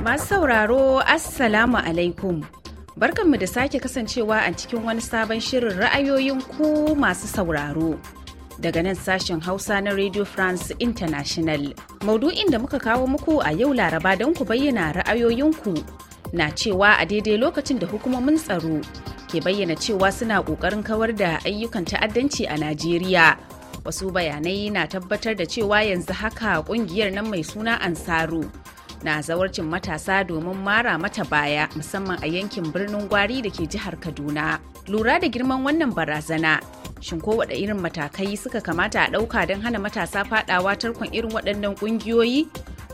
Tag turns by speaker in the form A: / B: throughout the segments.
A: Masu sauraro Assalamu alaikum. Barkanmu da sake kasancewa a cikin wani sabon shirin ra'ayoyin ku masu sauraro. Daga nan sashen Hausa na Radio France International. Maudu'in da muka kawo muku a yau Laraba don ku bayyana ra'ayoyinku na cewa a daidai lokacin da hukumomin tsaro ke bayyana cewa suna ƙoƙarin kawar da ayyukan ta'addanci a Najeriya. wasu bayanai na tabbatar da cewa yanzu haka kungiyar nan mai suna ansaru na zawarcin matasa domin mara mata baya musamman a yankin birnin gwari da ke jihar kaduna lura da girman wannan barazana shin ko wada irin matakai suka kamata a ɗauka don hana matasa fadawa tarkon irin waɗannan ƙungiyoyi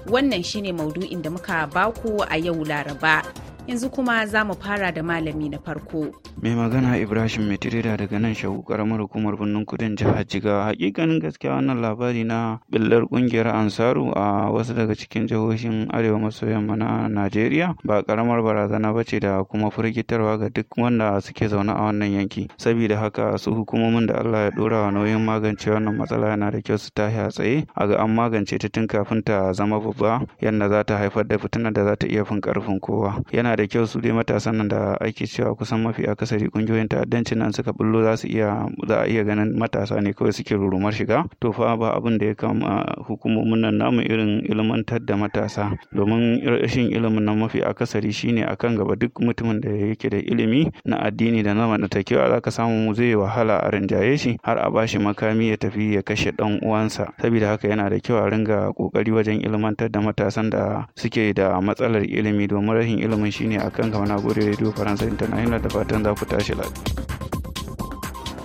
A: wannan shine maudu'in da muka baku a yau laraba yanzu kuma za mu fara da malami na farko.
B: Mai magana Ibrahim Metirida daga nan shagu karamar hukumar birnin kudin jihar Jigawa. Hakikanin gaskiya wannan labari na billar kungiyar Ansaru a wasu daga cikin jihohin Arewa maso yamma na Najeriya ba karamar barazana ba ce da kuma firgitarwa ga duk wanda suke zaune a wannan yanki. Saboda haka su hukumomin da Allah ya dora wa nauyin magance wannan matsala yana da kyau su tashi a tsaye a ga an magance ta tun kafin ta zama babba yadda za ta haifar da fitina da za ta iya fin karfin kowa. Yana da kyau su dai matasan nan da ake cewa kusan mafi akasari kungiyoyin ta'addancin nan suka bullo za su iya za a iya ganin matasa ne kawai suke rurumar shiga to fa ba abin da ya kama hukumomin nan namu irin ilmantar da matasa domin rashin ilimin nan mafi akasari shine akan gaba duk mutumin da yake da ilimi na addini da na zamantakewa ka samu mu zai wahala a rinjaye shi har a bashi makami ya tafi ya kashe dan uwansa saboda haka yana da kyau a ringa kokari wajen ilmantar da matasan da suke da matsalar ilimi domin rashin ilimin shi shine akan gama na gode radio faransa international da fatan za ku tashi lafiya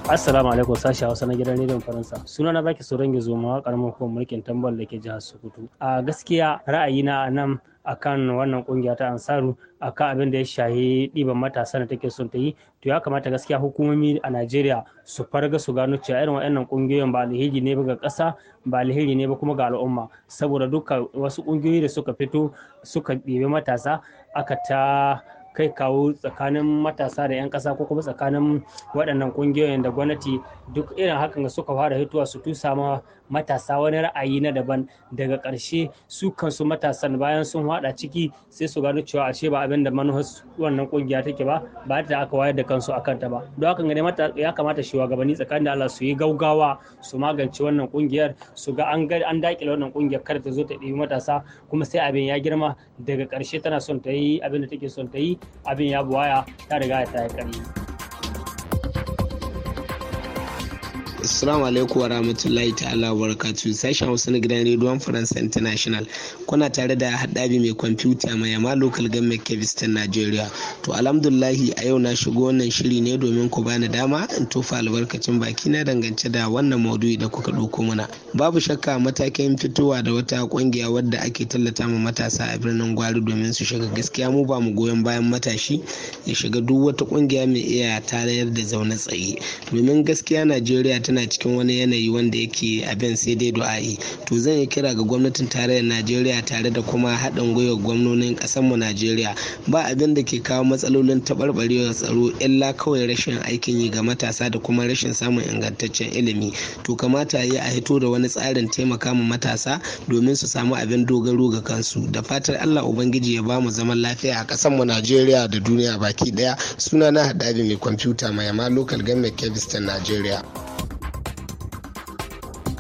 C: Assalamu alaikum sashi Hausa na gidan rediyon Faransa. Suna na baki soron gizo ma karamar kuma mulkin tambal da ke jihar Sokoto. A gaskiya ra'ayina nan akan wannan kungiya ta Ansaru akan abin da ya shahi ɗiban matasa da take son ta yi to ya kamata gaskiya hukumomi a Najeriya su farga su gano cewa irin waɗannan kungiyoyin ba alheri ne ba ga ƙasa ba alheri ne ba kuma ga al'umma saboda duka wasu kungiyoyi da suka fito suka ɗibi matasa aka ta kai kawo tsakanin matasa da 'yan ƙasa ko kuma tsakanin waɗannan ƙungiyoyin da gwamnati duk irin hakan suka fara hituwa su tusa ma matasa wani ra'ayi na daban daga ƙarshe su kansu matasan bayan sun haɗa ciki sai su gano cewa ashe ba abin da manufar wannan kungiya take ba ba ta aka wayar da kansu akan ta ba don haka ne ya kamata shugabanni tsakanin da Allah su yi gaugawa su magance wannan kungiyar su ga an an dakile wannan kungiyar kar ta zo ta ɗebi matasa kuma sai abin ya girma daga ƙarshe tana son ta yi abin da take son ta yi abin ya buwaya ta riga ta yi ƙarfi
D: Assalamu alaikum wa rahmatullahi ta'ala wa barakatuhu sashen Hausa na gidan rediyon Faransa International. Kuna tare da haɗabi mai kwamfuta mai yama local government Kebbi ta Najeriya. To alhamdulillah a yau na shigo wannan shiri ne domin ku bani dama in tofa albarkacin baki na dangance da wannan maudu'i da kuka ɗauko mana. Babu shakka matakin fitowa da wata kungiya wadda ake tallata ma matasa a birnin Gwari domin su shiga gaskiya mu ba mu goyon bayan matashi ya shiga duk wata kungiya mai iya tayar da zaune tsaye. Domin gaskiya Najeriya ta tana cikin wani yanayi wanda yake abin sai dai du'a'i to zan yi kira ga gwamnatin tarayyar najeriya tare da kuma haɗin gwiwar gwamnonin mu najeriya ba abin da ke kawo matsalolin taɓarɓarewar tsaro illa kawai rashin aikin yi ga matasa da kuma rashin samun ingantaccen ilimi to kamata yi a hito da wani tsarin taimaka ma matasa domin su samu abin dogaro ga kansu da fatar allah ubangiji ya bamu zaman lafiya a mu najeriya da duniya baki ɗaya, suna na haɗari mai kwamfuta mai lokal local government kebistan
E: najeriya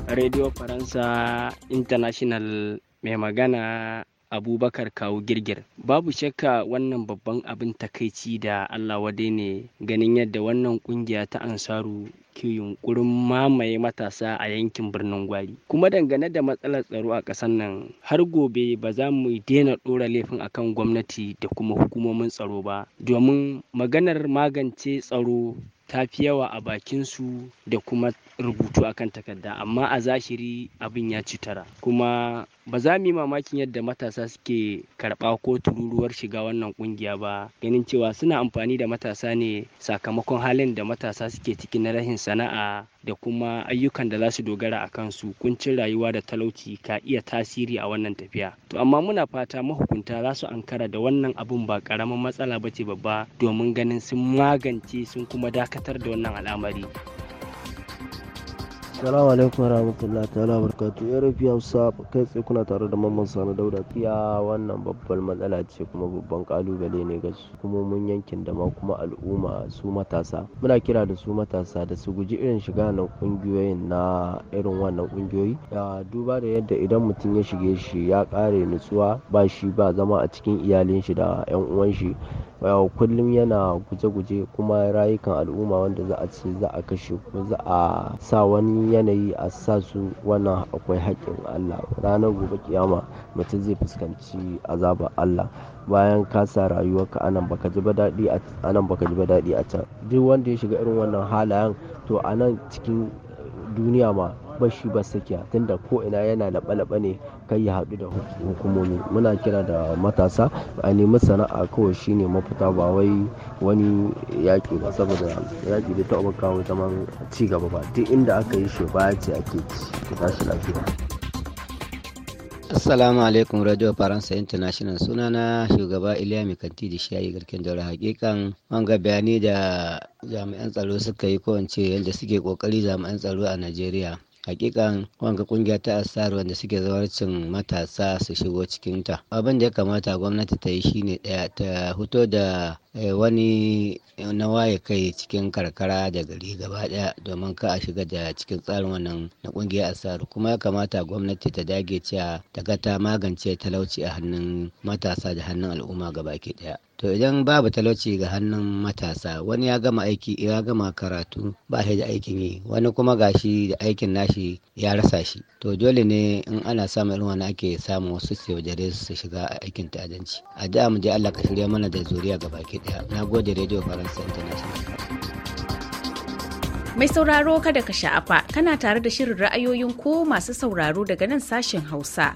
E: Radio Faransa International mai magana abubakar kawo girgir babu shakka wannan babban abin takaici da allah wade ne ganin yadda wannan kungiya ta ansaru ke yunkurin mamaye matasa a yankin birnin gwari kuma dangane da matsalar tsaro a ƙasar nan har gobe ba za mu daina ɗora laifin akan gwamnati da kuma hukumomin tsaro ba domin maganar magance tsaro ta fi yawa a bakinsu da kuma rubutu a kan takarda amma a zahiri abin ya ci tara kuma ba za mu yi mamakin yadda matasa suke karɓa ko tururuwar shiga wannan kungiya ba ganin cewa suna amfani da matasa ne sakamakon halin da matasa suke ciki na rahin sana'a da kuma ayyukan da za su dogara a kansu kuncin rayuwa da talauci ka iya tasiri a wannan tafiya to amma muna fata mahukunta za su ankara da wannan abun ba karamin matsala ba ce babba domin ganin sun magance sun kuma dakatar da wannan al'amari
F: Salamu alaikum warahmatullahi ta'ala barkatu ya rufi hausa kai tsaye kuna tare da mamman sanu dauda tsiya wannan babbar matsala ce kuma babban kalubale ne ga hukumomin yankin da ma kuma al'umma su matasa muna kira da su matasa da su guji irin shiga nan kungiyoyin na irin wannan kungiyoyi ya duba da yadda idan mutum ya shige shi ya kare nutsuwa ba shi ba zama a cikin iyalin shi da yan uwan shi kullum yana guje-guje kuma rayukan al'umma wanda za a ce za kashe kuma za a sa wani yanayi a sa su wannan akwai haƙƙin Allah ranar gobe kiyama mutum zai fuskanci azabar Allah bayan ka sa rayuwarka anan baka ji ba daɗi anan baka ji ba daɗi a can duk wanda ya shiga irin wannan halayen to anan cikin duniya ma bashi ba sakiya tunda ko ina yana laɓa-laɓa ne kai ya haɗu da hukumomi muna kira da matasa a nemi sana'a kawai shine mafita ba wai wani yaƙi ba saboda yaƙi da taɓa kawo zaman ci gaba ba duk inda aka yi shi ba ce ake ci shi lafiya Assalamu alaikum Radio Faransa International suna na shugaba Iliya kanti da shayi garken daura hakikan ga bayani da jami'an tsaro suka yi kowance yadda suke kokari jami'an tsaro a Najeriya hakikan wanga kungiya ta asar wanda suke zawarcin matasa su shigo cikinta abin da ya kamata gwamnati ta yi shine daya ta fito da eh, wani na waye kai cikin karkara da gari gaba daya domin ka a shiga da cikin tsarin wannan na kungiya asar kuma ya kamata gwamnati ta dage cewa ta ga ta magance talauci a hannun matasa da hannun al'umma gaba ki daya to idan babu talauci ga hannun matasa wani ya gama aiki ya gama karatu ba shi da aikin yi wani kuma gashi da aikin nashi ya rasa shi to dole ne in ana samun irin wani ake samun wasu sojare su shiga aikin ta'addanci a da mu je Allah ka shirya mana da zuriya ga baki daya nagode radio faransa international
A: Mai sauraro kada ka sha'afa kana tare da shirin ra'ayoyin ko masu sauraro daga nan sashen Hausa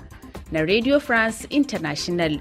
A: na Radio France International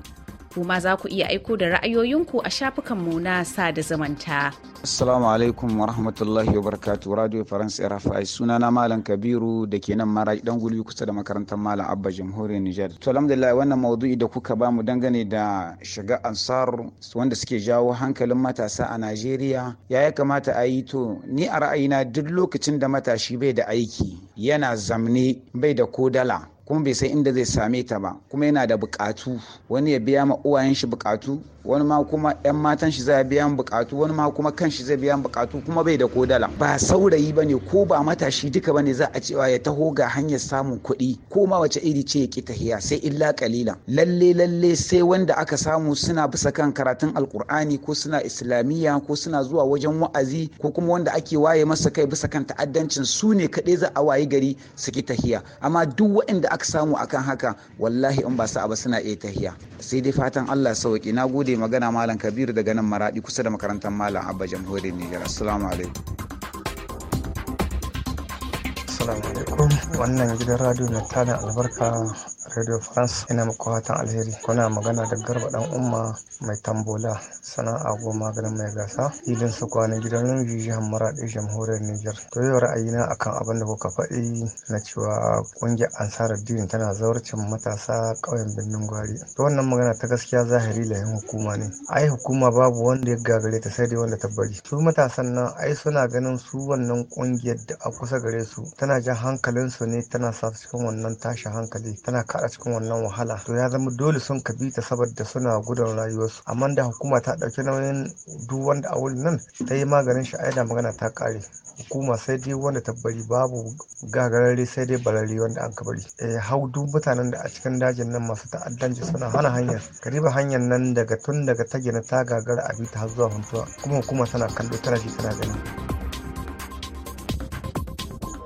A: Kuma za ku iya aiko da ra'ayoyinku a shafukanmu na sada zamanta.
G: Assalamu alaikum wa rahmatullahi wa barakatu Radio France RFI na Malam Kabiru da ke nan mara dan gulbi kusa da makarantar Malam Abba Jamhuriyar Nijar. To alhamdulillah wannan maudu'i da kuka bamu dangane da shiga ansar wanda suke jawo hankalin matasa a Najeriya ya ya kamata a yi to ni a ra'ayina duk lokacin da matashi bai da aiki yana zamne bai da kodala kuma bai san inda zai same ta ba kuma yana da bukatu wani ya biya ma uwayen shi bukatu wani ma kuma yan matan shi zai biya bukatu wani ma kuma kan shi zai biya bukatu kuma bai da kodala ba saurayi ba ne ko ba matashi duka ba ne za a cewa ya taho ga hanyar samun kuɗi ko ma wace iri ce ya ki tahiya sai illa kalila lalle lalle sai wanda aka samu suna bisa kan karatun alkur'ani ko suna islamiyya ko suna zuwa wajen wa'azi ko kuma wanda ake waye masa kai bisa kan ta'addancin su ne kaɗai za a wayi gari su ki tahiya amma duk waɗanda aka samu akan haka wallahi in ba sa ba suna iya tahiya sai dai fatan Allah sauki na gode magana malam Kabiru daga nan Maradi kusa da makarantar malam Abba Jamhuriyar Nijar assalamu alaikum
H: assalamu alaikum wannan gidan radio na tana albarka radio france ina muku alheri kuna magana da garba dan umma mai tambola sana'a goma maganin mai gasa filin su kwanan gidan namiji jihar maraɗi jamhuriyar niger to yau ra'ayina akan abin da kuka faɗi na cewa ƙungiyar ansarar dini tana zawarcin matasa ƙauyen birnin gwari to wannan magana ta gaskiya zahiri layin hukuma ne ai hukuma babu wanda ya gagare ta sai dai wanda ta bari su matasan nan ai suna ganin su wannan kungiyar da a kusa gare su tana jan hankalinsu ne tana sa cikin wannan tashin hankali tana kada cikin wannan wahala to ya zama dole sun ka bi ta saboda suna gudun rayuwarsu amma da hukuma ta dauki nauyin duk wanda a wurin nan ta yi maganin shi da magana ta kare hukuma sai dai wanda ta bari babu gagararre sai dai bararre wanda an ka bari eh hau duk mutanen da a cikin dajin nan masu ta'addanci suna hana hanyar kariba hanyar nan daga tun daga ta gina ta gagara a bi ta har zuwa huntuwa kuma hukuma tana kallo tana ji tana gani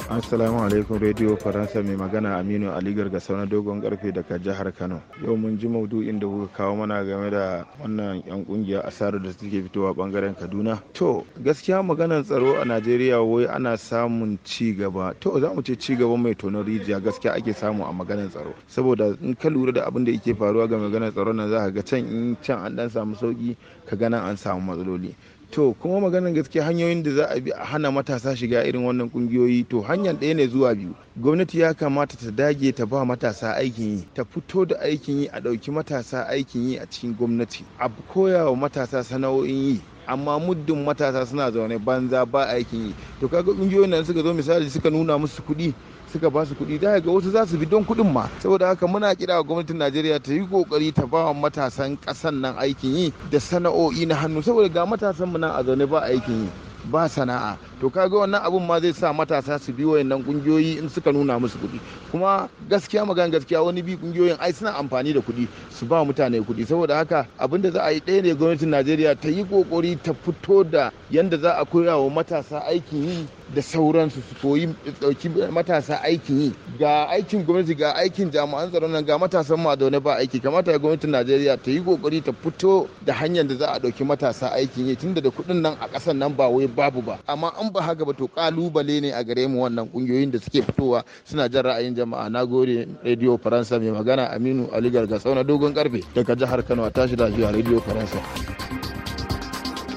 I: assalamu alaikum radio faransa mai magana aminu ali gargasa na dogon karfe daga jihar kano yau mun ji maudu'in da kuka kawo mana game da wannan yan kungiyar asarar da suke fitowa bangaren kaduna to gaskiya maganar tsaro a najeriya wai ana samun ci gaba to za mu ce ci gaba mai tonon rijiya gaskiya ake samu a maganar tsaro saboda in ka lura da abin da yake faruwa ga maganar tsaro nan za ka ga can in can an dan samu sauki ka ga an samu matsaloli to kuma maganin gaske hanyoyin da za a bi a hana matasa shiga irin wannan kungiyoyi to hanyar ɗaya ne zuwa biyu gwamnati ya kamata ta dage ta ba matasa aikin yi ta fito da aikin yi a ɗauki matasa aikin yi a cikin gwamnati a koya wa matasa sana'o'in yi amma muddin matasa suna zaune banza ba aikin yi to kaga kungiyoyin nan suka zo misali suka nuna musu kuɗi suka ba su kuɗi da ga wasu za su bi don kuɗin ma saboda haka muna kira gwamnatin najeriya ta yi kokari ta ba matasan ƙasan nan aikin yi da sana'o'i na hannu saboda ga matasan mu nan a zaune ba aikin yi ba sana'a to kaga wannan abun ma zai sa matasa su bi wayannan kungiyoyi in suka nuna musu kuɗi kuma gaskiya magana gaskiya wani bi kungiyoyin ai suna amfani da kuɗi su ba mutane kuɗi saboda haka abin da za a yi ɗaya ne gwamnatin Najeriya ta yi kokari ta fito da yanda za a koya wa matasa aikin yi da sauransu su koyi dauki matasa aikin yi ga aikin gwamnati ga aikin jami'an tsaron nan ga matasan madaune ba aiki kamata ya gwamnatin Najeriya ta yi kokari ta fito da hanyar da za a dauki matasa aikin yi tunda da kuɗin nan a ƙasan nan ba wai babu ba amma an in ba haka ba to kalubale ne a gare mu wannan kungiyoyin da suke fitowa suna jan ra'ayin jama'a na gode radio faransa mai magana aminu ali ga na dogon karfe daga jihar kano a tashi lafiya radio faransa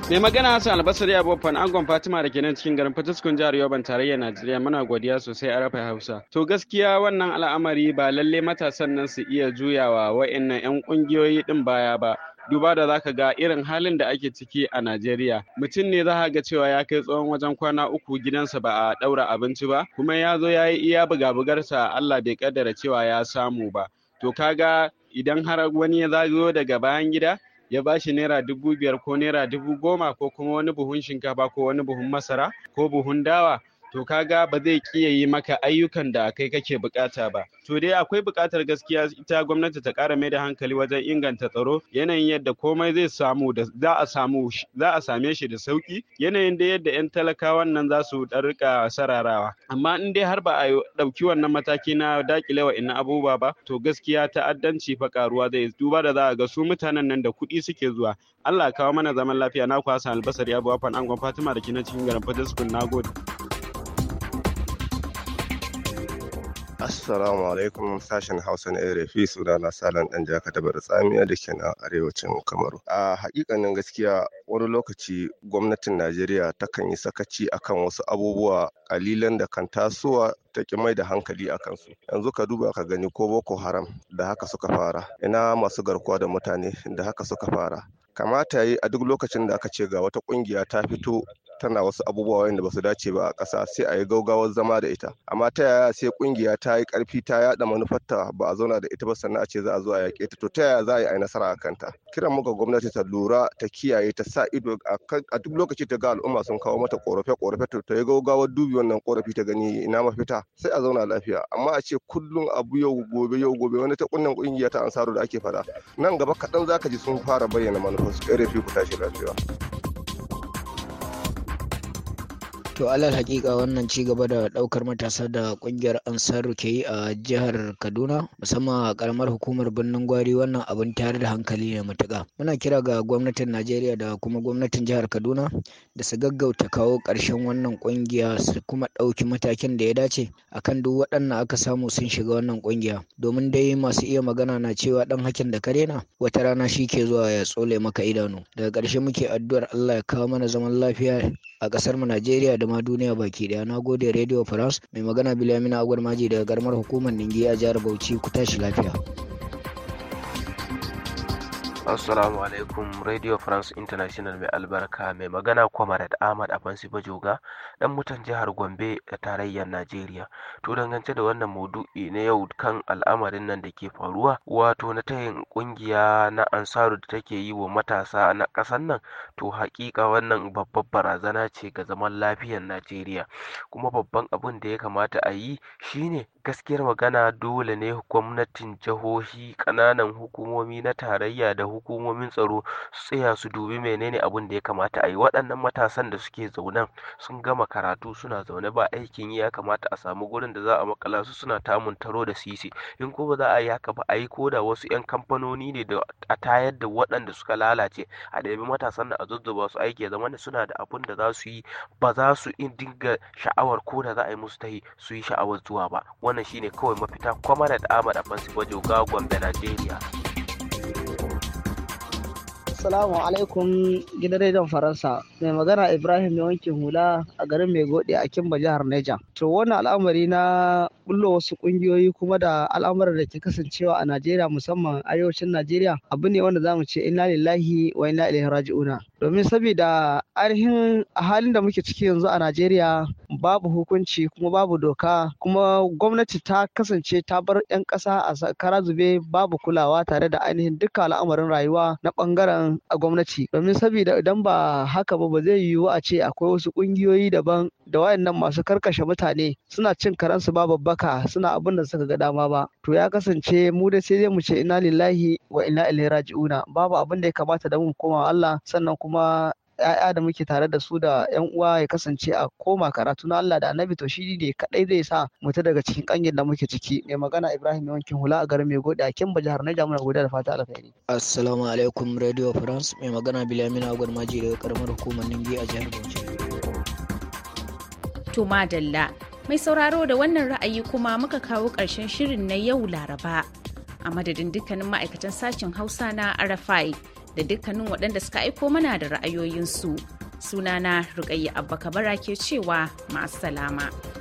J: mai magana hassan albasari abubakar angon fatima da ke nan cikin garin fatiskun jihar yoban tarayyar najeriya muna godiya sosai a rafa hausa to gaskiya wannan al'amari ba lalle matasan nan su iya juyawa wa'annan yan kungiyoyi din baya ba duba da zaka ga irin halin da ake ciki a Najeriya mutum ne za ga cewa ya kai tsawon wajen kwana uku gidansa ba a ɗaura abinci ba kuma ya zo ya yi iya buga-bugarsa Allah bai kaddara cewa ya samu ba to kaga idan har wani ya zagayo daga bayan gida ya ba shi naira dubu biyar ko naira dubu goma ko kuma wani buhun shinkafa ko wani buhun masara ko buhun dawa to kaga ba zai kiya yi maka ayyukan da kai kake bukata ba to dai akwai bukatar gaskiya ita gwamnati ta kara mai da hankali wajen inganta tsaro yanayin yadda komai zai samu da za a samu za a same shi da sauki yanayin da yadda yan talakawa nan za su rika sararawa amma in dai har ba a dauki wannan mataki na dakile wa inna abubuwa ba to gaskiya ta'addanci fa karuwa zai duba da za a ga su mutanen nan da kuɗi suke zuwa Allah kawo mana zaman lafiya na ku Hassan Albasari Abu Afan Angon Fatima da kinan cikin garin na nagode
K: Assalamu alaikum sashen Hausa na RFI suna na Salan ɗan jaka da Tsamiya da ke na arewacin Kamaru. A hakikanin gaskiya wani lokaci gwamnatin Najeriya takan yi sakaci akan wasu abubuwa kalilan da kan tasowa ta ki mai da hankali a kansu yanzu ka duba ka gani ko boko haram da haka suka fara ina masu garkuwa da mutane da haka suka fara kamata yi a duk lokacin da aka ce ga wata ƙungiya ta fito tana wasu abubuwa wanda ba su dace ba a ƙasa sai a yi gaugawar zama da ita amma ta yaya sai kungiya ta yi ƙarfi ta yaɗa manufarta ba a zauna da ita ba sannan a ce za a zo a yaƙe ta to ta yaya za a yi a nasara a kanta kiran muka gwamnati ta lura ta kiyaye ta sa ido a duk lokaci ta ga al'umma sun kawo mata ƙorafe ƙorafe to ta yi gaugawar dubi wannan ƙorafi ta gani ina mafita sai a zauna lafiya amma a ce kullum abu yau gobe yau gobe wani ta kunnan kungiya ta ansaro da ake fada nan gaba kaɗan zaka ji sun fara bayyana manufarsu ƙorafi ku tashi
L: lafiya.
M: To alal hakika wannan ci gaba da daukar matasa da kungiyar Ansaru ke yi a jihar Kaduna musamman a karamar hukumar birnin Gwari wannan abin tare da hankali ne matuƙa. Muna kira ga gwamnatin Najeriya da kuma gwamnatin jihar Kaduna da su gaggauta kawo ƙarshen wannan kungiya su kuma ɗauki matakin da ya dace akan duk waɗannan aka samu sun shiga wannan kungiya. Domin dai masu iya magana na cewa ɗan hakin da kare na wata rana shi ke zuwa ya tsole maka idanu. Daga ƙarshe muke addu'ar Allah ya kawo mana zaman lafiya a kasar mu Najeriya da ma duniya baki daya. Na gode Radio France mai magana Bilamina Agwar Maji daga garmar hukumar Ningi a jihar Bauchi ku tashi lafiya.
N: Assalamu alaikum Radio France International mai albarka mai magana comrade Ahmad Afansi Bajoga dan mutan jihar Gombe a tarayyar Najeriya. To dangance da wannan maudu'i na yau kan al'amarin nan da ke faruwa wato na tayin kungiya na Ansaru da take yi wa matasa na kasan nan to hakika wannan babbar barazana ce ga zaman lafiyar Najeriya. Kuma babban abin da ya kamata a yi shine gaskiyar magana dole ne gwamnatin jihohi ƙananan hukumomi na tarayya da hukumomin tsaro su tsaya su dubi menene abin da ya kamata a yi waɗannan matasan da suke zaunan sun gama karatu suna zaune ba aikin yi ya kamata a samu gurin da za a makala su suna tamun taro da sisi in ko ba za a yi haka ba a yi ko da wasu 'yan kamfanoni ne da a tayar da waɗanda suka lalace a ɗabi matasan da a zuzzuba su aiki ya zama suna da abin da za su yi ba za su in dinga sha'awar ko da za a yi musu ta yi su yi sha'awar zuwa ba wannan shine kawai mafita kwamarat ahmad fansi bajo gagon da najeriya
L: Assalamu alaikum gidan rediyon Faransa. Mai magana Ibrahim ya wanke hula a garin mai Maigode a Kimba jihar Niger. To wannan al'amari na bullo wasu kungiyoyi kuma da al'amuran da ke kasancewa a Najeriya musamman arewacin Najeriya abu ne wanda zamu ce inna lillahi wa inna ilaihi raji'una domin saboda ainihin a halin da muke ciki yanzu a Najeriya babu hukunci kuma babu doka kuma gwamnati ta kasance ta bar 'yan kasa a kara zube babu kulawa tare da ainihin dukkan al'amarin rayuwa na bangaren a gwamnati domin saboda idan ba haka ba ba zai yiwu a ce akwai wasu kungiyoyi daban da wayannan masu karkashe mutane suna cin karansu ba babba haka suna abin da suka ga dama ba to ya kasance mu da sai zai mu ce ina lillahi wa ina ilaihi raji'una babu abin da ya kamata da mu koma Allah sannan kuma ‘ya'ya da muke tare da su da ‘yan uwa ya kasance a koma karatu na Allah da annabi to shi ne kaɗai zai sa ta daga cikin kangin da muke ciki mai magana Ibrahim yankin Hula a garin Maigode a kin jihar Niger muna gode da fata alkhairi.
M: Assalamu alaikum Radio France mai magana Bilamin Agwar Maji daga karamar hukumar Ningi a jihar Bauchi.
A: To madalla Mai sauraro da wannan ra'ayi kuma muka kawo ƙarshen shirin na yau Laraba. A madadin dukkanin ma'aikatan sashen Hausa na arafai da dukkanin waɗanda suka aiko mana da ra'ayoyinsu. Sunana Rukayya Abba Kabara ke cewa masu salama.